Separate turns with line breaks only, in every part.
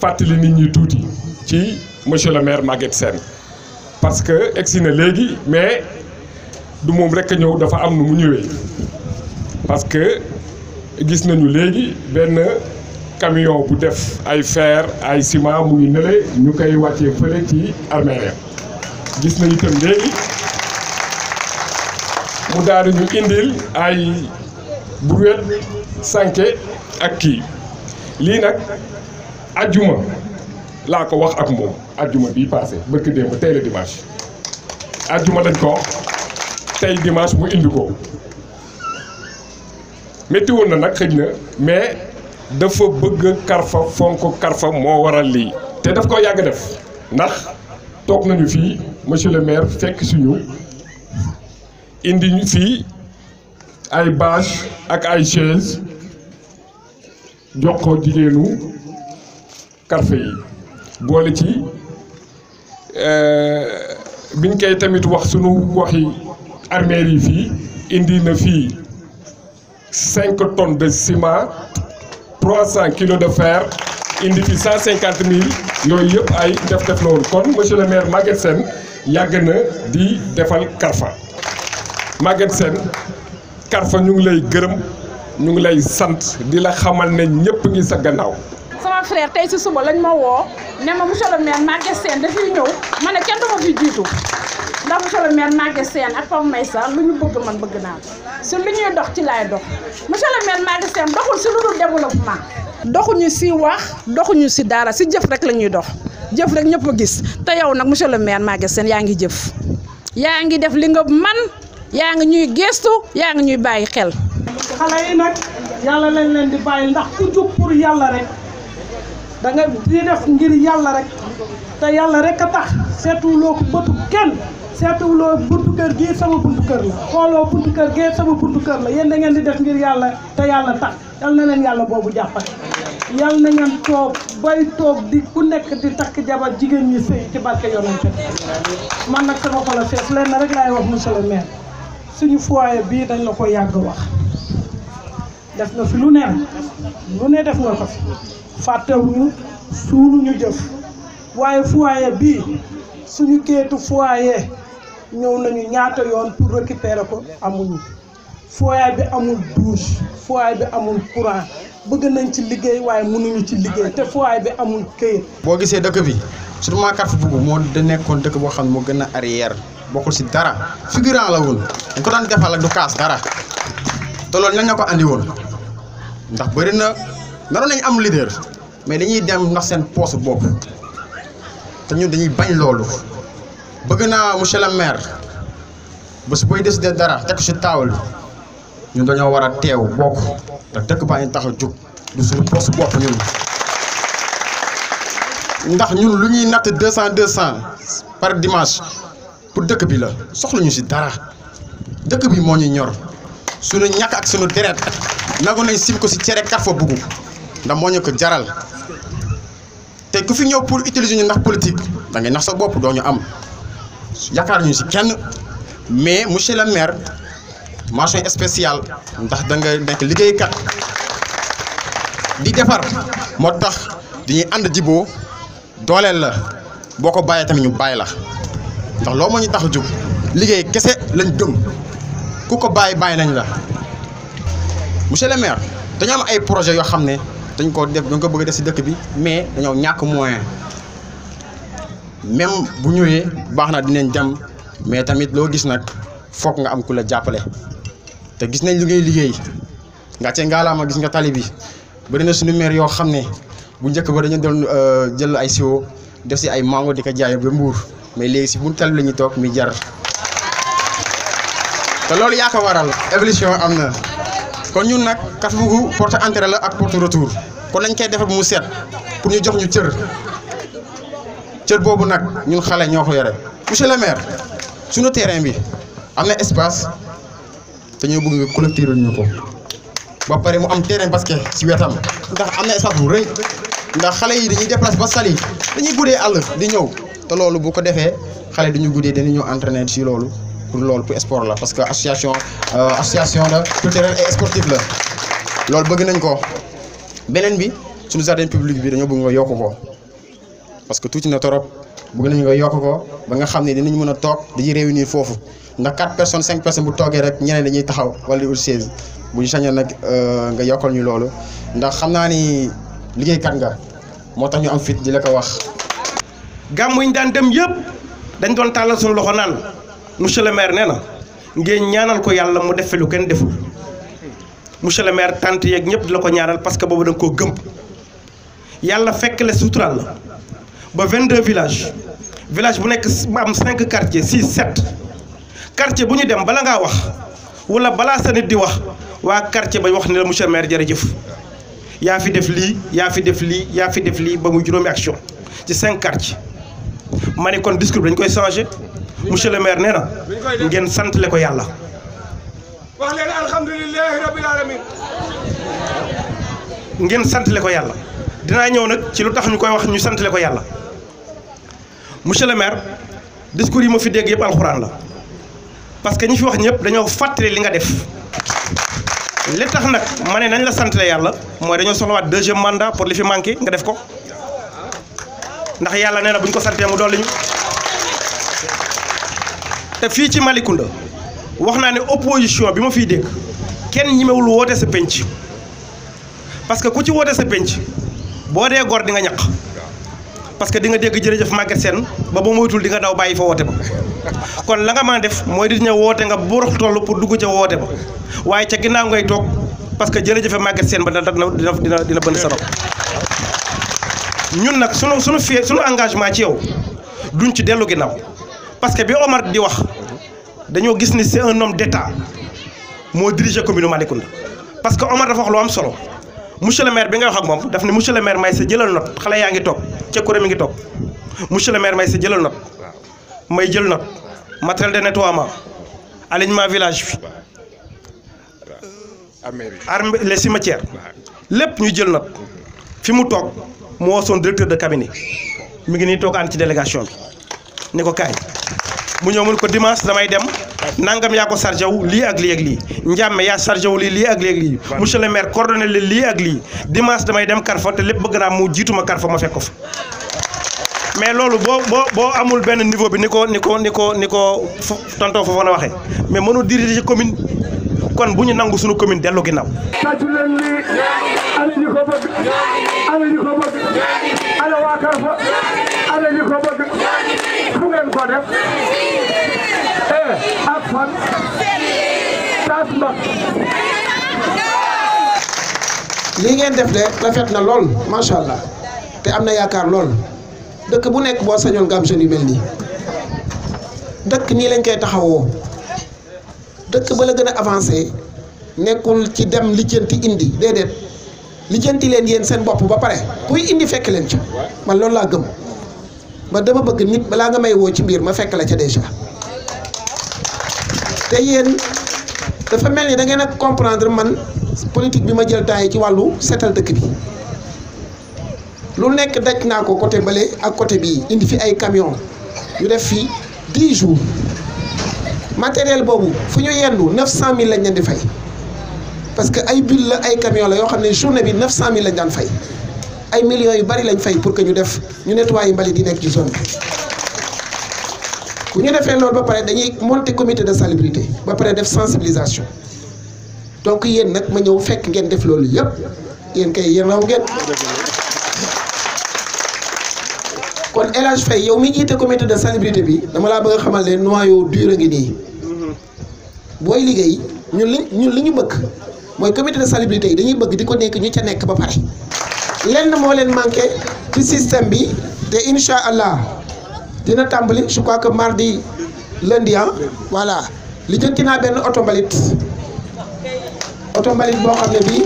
fatali nit ñi tuuti ci monsieur le maire Maguette Sène parce que egsi légui mais du mom rek a dafa am nu mu ñëwee parce que gis nañu légui ben camion bu def ay fer ay ciment mu ngi nële ñu koy wàccee fële ci armée gis nañu tam légui mu daaru ñu indil ay brouette sànke ak ki li nak ajjuma laa ko wax ak moom ajjuma bii passé barki démb tey la dimanche ajjuma lañ ko tey dimanche mu indi ko métti na nag xëj na mais dafa bëgg Karfa fonk Karfa moo waral lii te daf koo yàgg def ndax toog nañu fii monsieur le maire fekk suñu indi ñu fii ay bâche ak ay chaise jox ko jigéenu karfe yi boole ci euh, biñ koy tamit wax sunu waxi armée yi fii indi na fii cinq tonnes de ciment trois cent kilos de fer indi ci cent cinquante mille yooyu yëpp ay def def loolu kon monsieur le maire Maguette Sène yàgg na di defal Carfa Maguette sen Carfa ñu ngi lay gërëm ñu ngi lay sant di la xamal na ñëpp ngi sa gannaaw sama frère tey si
suba lañ ma woo ne ma monsieur le maire Maguette dafay ñëw ma ne kenn du ma fi jiitu ndax monsieur le maire Maguette Sène ak Pape Maysa lu ñu bëgg man bëgg naa si lu ñuy dox ci laay
dox monsieur le maire Maguette doxul si lu
dul développement. doxuñu si wax doxuñu si dara si jëf rek la ñuy dox jëf rek ñëpp a gis te yow nag monsieur le maire Maguette Sène yaa ngi jëf yaa ngi def li nga man yaa ngi ñuy gestu yaa ngi ñuy bàyyi xel.
xale yi nag da nga di def ngir yàlla rek te yàlla rek a tax seetuwuloo ko bëtu kenn seetuwuloo buntu kër gii sama buntu kër la xooloo buntu kër gee sama buntu kër la yéen da ngeen di def ngir yàlla te yàlla tax yal na leen yàlla boobu jàppale yal na ngeen toog bay toog di ku nekk di takk jabar jigéen ñi sëy ci barke yonent man nag sama xol a fees rek laay wax monsieur le maire suñu foyer bii dañ la ko yàgg wax def na fi lu ne lu ne def nga ko fi fàttewuñu ñu jëf waye foyer bi suñu keetu foyer ñew nañu ñaata yoon pour récupérer ko amuñu foyer bi amul
douche foyer bi amul courant bëgg nañ ci liggéey waye mënu ñu ci liggéey té foyer bi amul kër bo gisé dëkk bi surtout Kàrfu bu mo de nekkon dëkk bo xam mo gëna arrière bokul ci dara figurant la woon ñu ko daan defal ak du kaas dara te loolu ñan ñako andi woon ndax bari na naroon nañ am leader mais dañuy dem ndax seen poche bopp te ñun dañuy bañ loolu bëgg naa monsieur le maire su boy décider dara teg si taawal ñun dañoo war a teew bokk te dëkk baa ngi tax a du suñu poche bopp ñun ndax ñun lu ñuy natt 200 200 par dimanche pour dëkk bi la soxlañu si dara dëkk bi moo ñu ñor suñu ñàkk ak suñu deret nangu nañ sim ko si cere kat bugu ndax moo ñu ko jaral te ku fi pour utiliser ñu arme politique da ngay nax sa donner un ñu am yaakaar ñu si kenn mais monsieur le maire marché spécial ndax da nga nekk liggéeykat di defar moo tax dañuy ànd jiboo dooleel la boo ko bàyyee tamit ñu bàyyi la ndax loo moo ñu tax a jóg liggéey kese lañ gëm ku baille baille bàyyi nañ la monsieur le maire dañu am ay projet yoo xam dañ ko def dañ ko bëgg def ci dëkk bi mais dañoo ñàkk moyen même bu ñëwé baxna dinañ jam mais tamit lo gis nak fokk nga am kula jappalé té gis nañ lu ngay liggéey nga cee ngaalaama gis nga tali bi bëri na suñu mère yo xamné bu njëkk ba dañu euh jël ay def si ay mango di ko jaay bu mbuur mais légui si bu tal lañu tok mi jar té loolu ya ko waral évolution amna kon ñun nag Kafougoum porte entrée la ak porte retour kon lañ koy defee bu mu seet pour ñu jox ñu cër cër boobu nag ñun xale ñoo ko yore monsieur le suñu terrain bi am na espace te ñoo bëgg nga collecteur ñu ko ba pare mu am terrain basket ci wetam ndax am na espace bu rëy ndax xale yi dañuy déplacé ba Saly dañuy guddee àll di ñëw te loolu bu ko defee xale duñu guddee dañu ñëw entraîner ci loolu pour loolu pour sport la parce que association euh, association la culturelle et sportive la loolu bëgg nañ ko. beneen bi suñu jardin public bi dañoo bëgg nga yokk ko parce que tuuti na torop bëgg nañu nga yokk ko ba nga xam ne dinañ mën a toog dañuy réunir foofu ndax quatre personnes cinq personnes bu toogee rek ñeneen dañuy taxaw wala di ut chaise bu ñu sañoon nag euh, nga yokkal ñu loolu ndax xam naa ni liggéeykat nga moo tax ñu am fit di la ko wax. gàmmu ñu daan dem yëpp dañu doon tàllal suñu loxo naan
monsieur le maire nee na ngeen ñaanal ko yàlla mu def fi lu kenn deful. monsieur le maire tante yeeg tout la ko parce que boobu da nga koo gëm yàlla fekk la Il 22 villages village bu a 5 quartiers 6 7 quartier bu ñu dem bala ngaa wax wala balaa sa nit di wax quartier ba wax ne monsieur le maire jërëjëf y'a fi def lii y'a fi def lii yaa fi def ba action ci 5 quartiers Je kon discours dañ koy changé monsieur le maire ko yalla. wax leen alhamdulilahi rabbil alamin ngeen santale ko yàlla dinaa ñëw nag ci lu tax ñu koy wax ñu santale ko yàlla monsieur le maire discours yi ma fi dégg yëpp alxuraan la parce que ñi fi wax ñëpp dañoo fàttali li nga def li tax nag ma ne nañ la santale yàlla mooy dañoo soxlawaat deuxième mandat pour li fi manqué nga def ko ndax yàlla nee na bu ñu ko santee mu dolli ñu te fii ci Malicounda wax naa ne opposition bima ma fiy dégg kenn ñimewul woote sa penc parce que ku ci woote sa penc boo dee gor di nga ñaq parce que di nga dégg jërëjëf Maguette Sène ba ba moytul di nga daw fa woote ba kon la nga def mooy di ñëw woote nga borox toll pour dugg ca woote ba waaye ca ginnaaw ngay toog parce que jërëjëf Maguette Sène ba dina dina dina bënn sa ñun nag sunu sunu fie sunu engagement ci yow duñ ci dellu ginnaaw parce que bi Omar di wax. dañoo gis ni c'est un homme d'état moo dirigé commune malikunda parce que Omar dafa wax lu am solo monsieur le maire bi nga wax ak moom daf ne monsieur le maire may sa jëlal note xale yaa ngi toog cekkure mi ngi toog monsieur le maire may sa jëlal note may jël note matériel de nettoiement alignement village
bi
arme les cimetières lépp ñu jël note fi mu toog mu son directeur de cabinet mi ngi nii toog ànd ci délégation bi ni ko kaay mu ñëw mun ko dimanche damay dem nangam yaa ko chargé wu lii ak lii ak lii njàmme yaa chargé wu lii lii ak lii ak lii le maire coordonné li lii ak lii dimanche damay dem Carrefour te lépp bëgg naa mu jiituma Carrefour ma fekk fa mais loolu boo boo boo amul benn niveau bi ni ko ni ko ni ko ni ko tontoo foofu na waxee mais mënu diriger ci commune kon bu ñu nangu sunu commune dellu ginnaaw. eh ak fan tas mbag
li ngeen def de rafet na lool allah te amna na yaakaar lool dëkk bu nek bo sañon gam am jeune yu melni dekk ni lañ koy taxawoo dekk ba la gëna avancer nekul ci dem lijeenti indi dedet lijeenti len yeen sen bop ba pare kuy indi fekk len ci man loolu la gëm. ba dama bëgg nit balaa nga may woo ci mbir ma fekk la ca déjà te yéen dafa mel ni da ngeen a comprendre man politique bi ma jël temps yi ci wàllu seetal dëkk bi lu nekk daj naa ko côté bale ak côté bii indi fi ay camion yu def fi 10 jours matériel boobu fu ñu yendu 900000 lañ leen di fay parce que ay bulle la ay camion la yoo xam ne journée bi 900000 lañ daan fay. ay millions yu bari lañ fay pour que ñu def ñu nettoyer mbalit di nekk ci zone bi bu ñu defee loolu ba pare dañuy monter comité de salubrité ba pare def sensibilisation donc yéen nag ma ñëw fekk ngeen def loolu yëpp yéen kay yéen raw ngeen. kon El Hadj yow mi jiite commité de salubrité bi dama laa bëgg a xamal ne noyau dur a ngi nii booy liggéey ñun li ñun li ñu bëgg mooy comité de salubrité yi dañuy bëgg di ko nekk ñu ca nekk ba pare. lenn moo leen manqué ci système bi te incha allah dina tàmbali je crois que mardi lundi ah voilà li jënti naa benn oto mbalit oto mbalit boo xam ne bii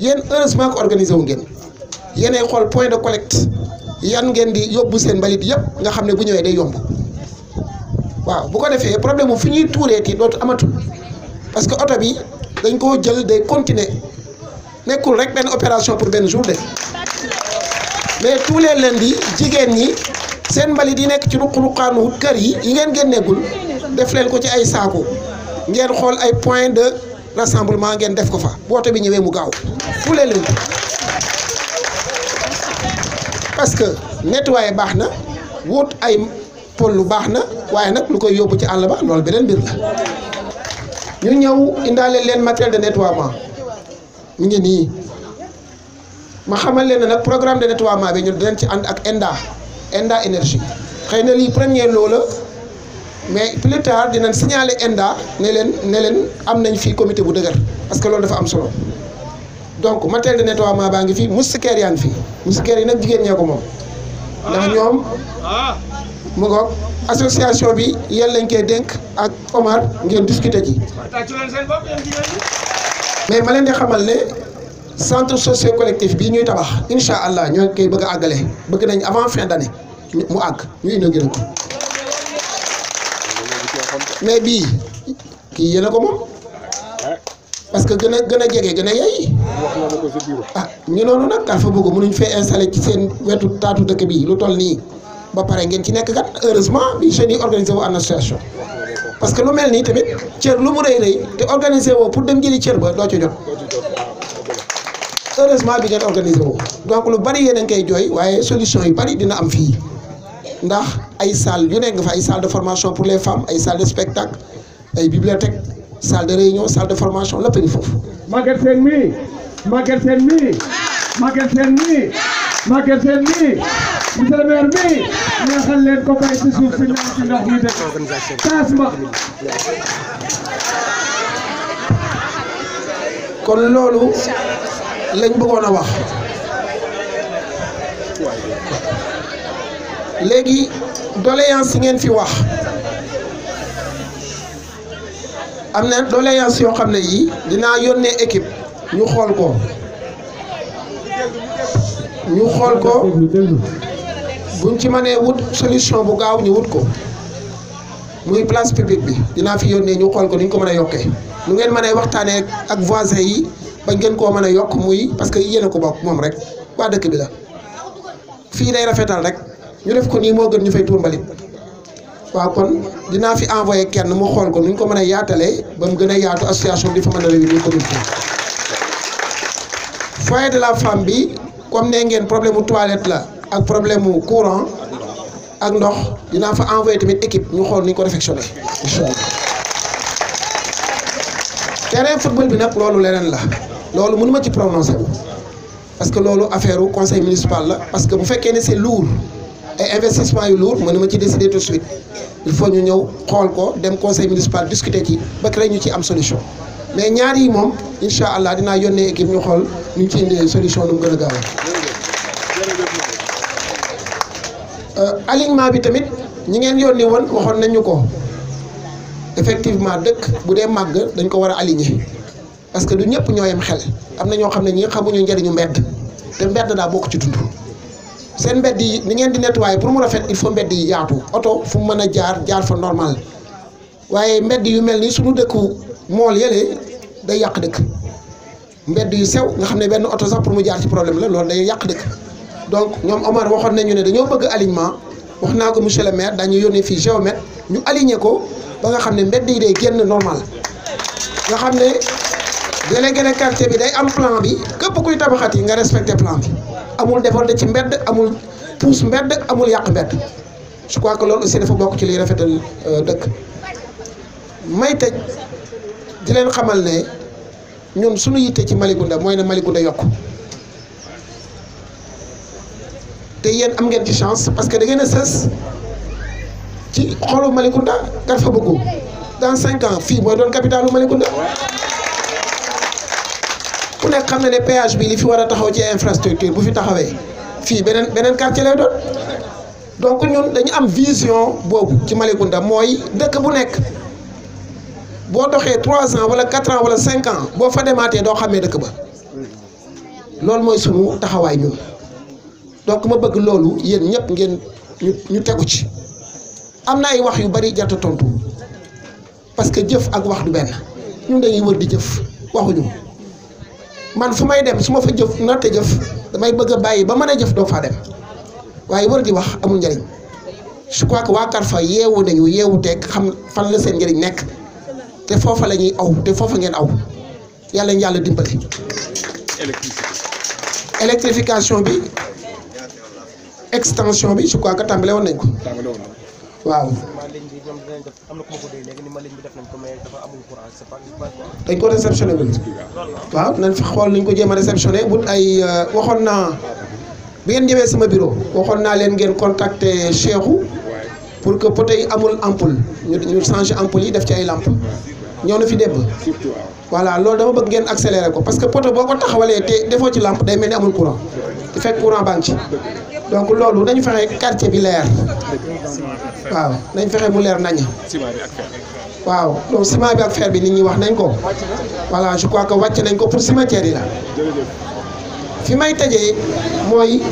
yéen heureusement que organisé wu ngeen yéenay xool point de collect yan ngeen di yóbbu seen mbalit yëpp nga xam ne bu ñëwee day yomb waaw bu ko defee problème mu fi ñuy tuuree ti dootu amatul. parce que oto bi dañ koo jël day continuer nekkul rek benn opération pour benn jour de mais tous les lundis jigéen ñi seen mbali yi nekk ci ruq-ruqaanu kër yi yi ngeen génneegul def leen ko ci ay saako ngeen xool ay point de rassemblement ngeen def ko fa bu oto bi ñëwee mu gaaw tous les lundis parce baax na wut ay pol lu baax na waaye nag lu koy yóbbu ci àll ba loolu beneen mbir la. ñu ñëw indaale leen matériel de nettoiement mu ngi nii ma xamal leen ne nag programme de nettoiement bi ñu dinañ ci ànd ak ENDA ENDA énergie xëy na lii premier loola mais plus tard dinañ signaler ENDA ne leen ne leen am nañ fii comité bu dëgër parce que loolu dafa am solo donc matériel de nettoiement baa ngi fii moustiquaire yaa ngi fii moustiquaire yi nag jigéen ñee ko moom ndax ñoom ah. mu ngoog association bi yéen lañ koy dénk ak Omar ngeen discuter ji mais ma leen di xamal ne centre socio collectif bii ñuy tabax incha allah ñoo koy bëgg a àggale bëgg nañ avant fin ne année mu àgg ñu inauguré ko mais bii kii yéen a ko moom parce que gën a gën a jege gën a yey ah ñu noonu nag dafa bëgg ñu fee installé ci seen wetu taatu dëkk bii lu toll nii. ba pare ngeen ci nekk kat heureusement bi jeunes yi organisé wu en association parce que lu mel nii tamit cër lu mu rëy rëy te organisé woo pour dem jëli cër ba doo ci jot heureusement bi ngeen organisé woo donc lu bari yéen a ngi koy jooy waaye solution yu bari dina am fii ndax ay salle yu nekk fa ay salle de formation pour les femmes ay salle de spectacle ay bibliothèque salle de réunion salle de formation lépp a ngi foofu. Maguette mi,
mii Maguette Sène mii Maguette Sène mii Maguette Sène si ñaan ci ndox mi dëkk taas
kon loolu lañ bëggoon a wax léegi doléance yi ngeen fi wax am na doléance yoo xam ne yii dinaa yónnee équipe ñu xool ko ñu xool ko buñ ci manee wut solution bu gaaw ñu wut ko muy place publique bi dinaa fi yónnee ñu xool ko ni ñu ko mën a yokkee lu ngeen mën a waxtaanee ak voisin yi ba ngeen ko mën a yokk muy parce que yéen ko bokk moom rek waa dëkk bi la fii day rafetal rek ñu def ko nii moo gën ñu fay tuur mbalit waaw kon dinaa fi envoyé kenn mu xool ko nu ñu ko mën a yaatalee ba mu gën a yaatu association bi fa mën a réunir commune foyer de la femme bi comme ne ngeen problème mu toilette la ak problème courant ak ndox dina fa envoyer tamit équipe ñu xol ni ko réfectionné incha terrain football bi nak lolu leneen la loolu mënuma ci prononcer parce que lolu affaire conseil municipal la parce que bu fekké ni c'est lourd ay investissement yu lourd mënuma ci décider tout de suite il faut ñu ñew xol ko dem conseil municipal discuter ci ba créer ñu ci am solution mais ñaar yi mom inshallah allah dinaa équipe ñu xol ñu ci indi solution nu mu gaaw Euh, alignement bi tamit ñi ngeen yónni woon waxoon nañu ko effectivement dëkk bu dee màgg dañ ko war a aligner parce que du ñëpp ñoo yem xel am na ñoo xam ne ñi xamuñu njariñu mbedd te mbedd daa bokk ci dund seen mbedd yi ni ngeen di nettoyer pour mu rafet il faut mbedd yi yaatu oto fu mu mën a jaar jaar fa normal waaye mbedd yu mel ni su suñu dëkku mool yële day yàq dëkk mbedd yu sew nga xam ne benn oto sax pour mu jaar ci problème la loolu day yàq dëkk. donc ñoom Omar waxoon nañu ne dañoo bëgg alignement wax naa ko monsieur le maire dañu yónnee fii géomètre ñu aligné ko ba nga xam ne mbedd yi day génn normal nga xam ne délégué de quartier bi day am plan bi képp kuy tabaxat yi nga respecté plan bi amul déborder ci mbedd amul puus mbedd amul yàq mbedd je crois que loolu aussi dafa bokk ci liy rafetal euh, dëkk may tëj di leen xamal ne ñun suñu yitte ci Malicounda mooy ne Malicounda yokk te yeen am ngeen ci chance parce que da ngeen a sës ci xolu Malicounda nga fa bëggu dans 5 ans fi mooy doon capitalu Malicounda ku nek xam ne péage bi li fi wara taxaw ci infrastructure bu fi taxawé fi benen benen quartier lay doon donc ñun dañu am vision bobu ci malikunda, moy dekk bu nek bo doxé 3 ans wala 4 ans wala 5 ans bo fa demaatee do xamé dekk ba loolu moy sunu taxaway ñun donc ma bëgg loolu yeen ñëpp ngeen ñu ñu tegu ci amna ay wax yu bari jatt tontu parce que jëf ak wax du ben ñu dañuy wër di jëf waxuñu man fu may dem suma fa jëf té jëf damay bëgg bayyi ba mëna jëf do fa dem waye wër di wax amul njariñ je crois que waa Carfa yewu nañu yewu teg xam fan la seen ñariñ nek té fofu la ñuy aw té fofu ngeen aw yalla ñu yalla dimbali électrification bi extension bi je crois que tàmbale woon nañ ko. waaw. dañ ko réceptionné gul. waaw nañ fa xool nuñ ko jéem a réceptionné bu ay euh, waxoon naa bi ngeen ñëwee sama bureau waxoon naa leen ngeen contacter Cheikhou pour que poteau yi amul ampoule ñu ñu changer ampoule yi def ci ay lampe ñëw na fi démb. voilà loolu dama bëgg ngeen accélérer ko parce que poteau boo ko taxawalee te defoo ci lampe day mel ni amul courant te fekk courant baa ngi ci. donc lolu nañu fexé quartier bi lèr waaw dañ fexé mu lèr nañ waaw donc ciment bi ak fer bi nit ñi wax nañ ko voilà je crois que wacc nañ ko pour cimetière yi la fi may tajé moy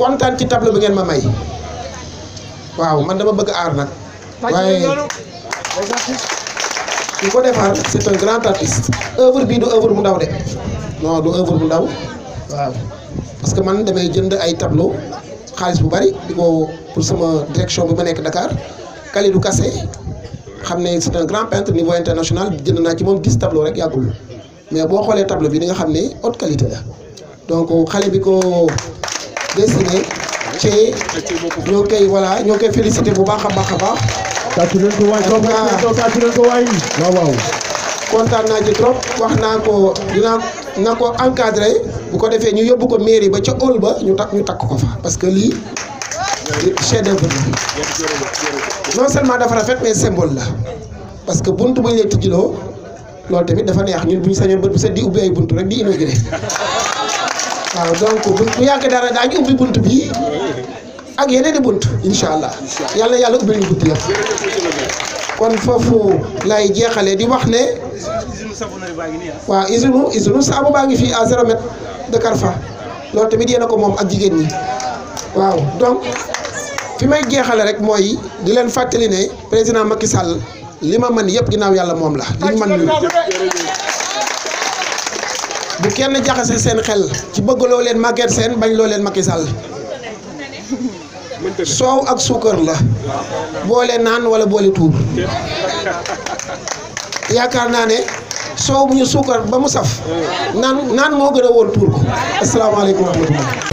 contane ci tableau bi ngeen ma may waaw man dama bëgg aar nak waaye ko defar c'est un grand artiste œuvre bi du œuvre mu ndaw dé non du œuvre mu ndaw waaw parce que man damay jënd ay tableau xaalis bu bari di ko pour sama direction bi ma nekk Dakar Kalidou Kassé xam ne c'est un grand peintre niveau international jënd naa ci moom gis tableau rek yàggul mais boo xoolee tableau bi di nga xam ne haute qualité la donc xale bi ko dessiné ci ñoo koy voilà ñoo koy félicité bu baax a baax a baax. tàccu leen ko ko waay waaw waaw. kontaan naa ci trop wax naa ko dinaa na ko encadré. bu ko defee ñu yóbbu ko mairie ba ca hall ba ñu takk ñu takk ko fa parce que lii chef d'œuvre non seulement dafa rafet mais symbole la parce que bunt bu ñu lay tijjiloo loolu tamit dafa neex ñun bu ñu sañoon bët bu di ubbi ay bunt rek di inauguré waaw donc bu yàgg dara daañu ubbi bunt bi ak yeneen i bunt incha allah yàlla yàlla ubbi ñu bunt yëpp kon foofu lay jeexalee di wax ne.
waaw usine usine saabu
baa ngi fii à zéro de fa loolu tamit yéen ko moom ak jigéen ñi waaw donc fi may jeexale rek mooy di leen fàttali ne président Macky Sall li ma man yëpp ginnaaw yàlla moom la li ñu mën bu kenn jaxase seen xel ci bëgg leen màgget seen bañ loo leen Macky Sall soow ak suukar la boole naan wala boole tuur yaakaar naa ne. soow bu ñu suukar ba mu saf mm. naan naan moo gën a wóor pour ko asalaamaaleykum wa